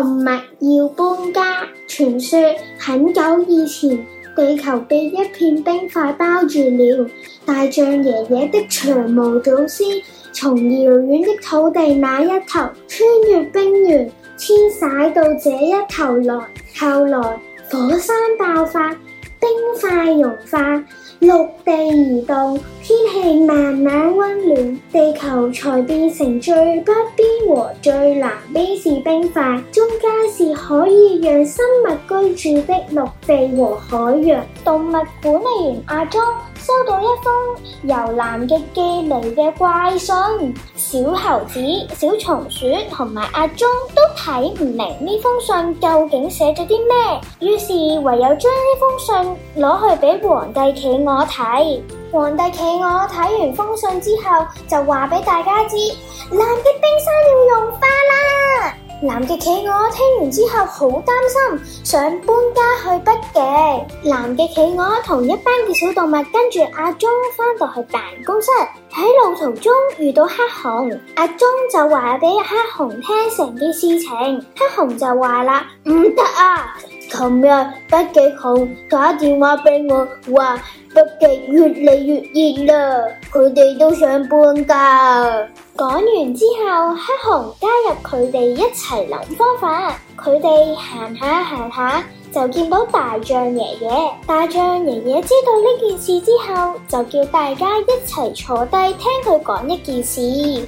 動物要搬家。傳說很久以前，地球被一片冰塊包住了。大象爺爺的長毛祖先，從遙遠的土地那一頭，穿越冰原，遷徙到這一頭來。後來火山爆發，冰塊融化。陸地移動，天氣慢慢溫暖，地球才變成最北邊和最南邊是冰塊，中間是可以讓生物居住的陸地和海洋。動物管理員阿莊。收到一封由南極寄嚟嘅怪信，小猴子、小松鼠同埋阿鍾都睇唔明呢封信究竟寫咗啲咩，於是唯有將呢封信攞去俾皇帝企鵝睇。皇帝企鵝睇完封信之後，就話俾大家知，南極冰山要融化。南極企鵝聽完之後好擔心，想搬家去北極。南極企鵝同一班嘅小動物跟住阿忠返到去辦公室，喺路途中遇到黑熊，阿忠就話俾黑熊聽成件事情，黑熊就話啦：唔得啊！琴日，北極熊打電話俾我，話北極越嚟越熱啦，佢哋都想搬家。講完之後，黑熊加入佢哋一齊諗方法，佢哋行下行下。就見到大象爺爺，大象爺爺知道呢件事之後，就叫大家一齊坐低聽佢講一件事。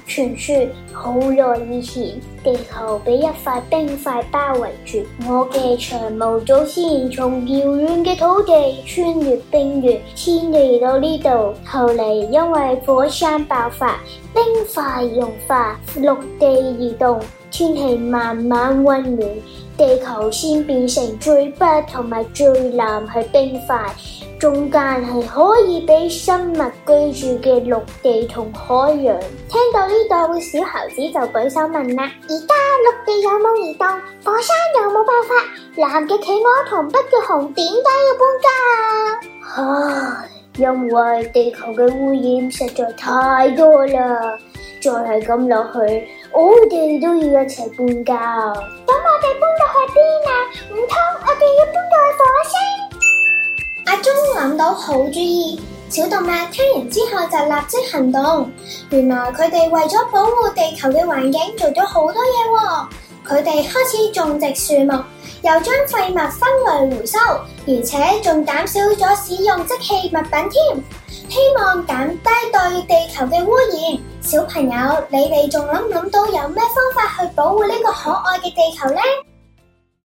傳說好耐以前，地球俾一塊冰塊包圍住，我嘅長毛祖先從遙遠嘅土地穿越冰原，遷徙到呢度。後嚟因為火山爆發，冰塊融化，陸地移動，天氣慢慢溫暖，地球先變成最北同埋最南係冰塊，中間係可以俾生物居住嘅陸地同海洋。聽到呢度，小猴子就舉手問啦：而家陸地有冇移動？火山有冇爆發？南嘅企鵝同北嘅熊點解要搬家啊？因為地球嘅污染實在太多啦，再係咁落去，我哋都要一齊搬家。咁我哋搬到去邊啊？唔通我哋要搬到去火星？阿忠諗到好主意，小動物聽完之後就立即行動。原來佢哋為咗保護地球嘅環境做了，哦，做咗好多嘢。佢哋開始種植樹木。又將廢物分類回收，而且仲減少咗使用即棄物品添，希望減低對地球嘅污染。小朋友，你哋仲諗唔諗到有咩方法去保護呢個可愛嘅地球呢？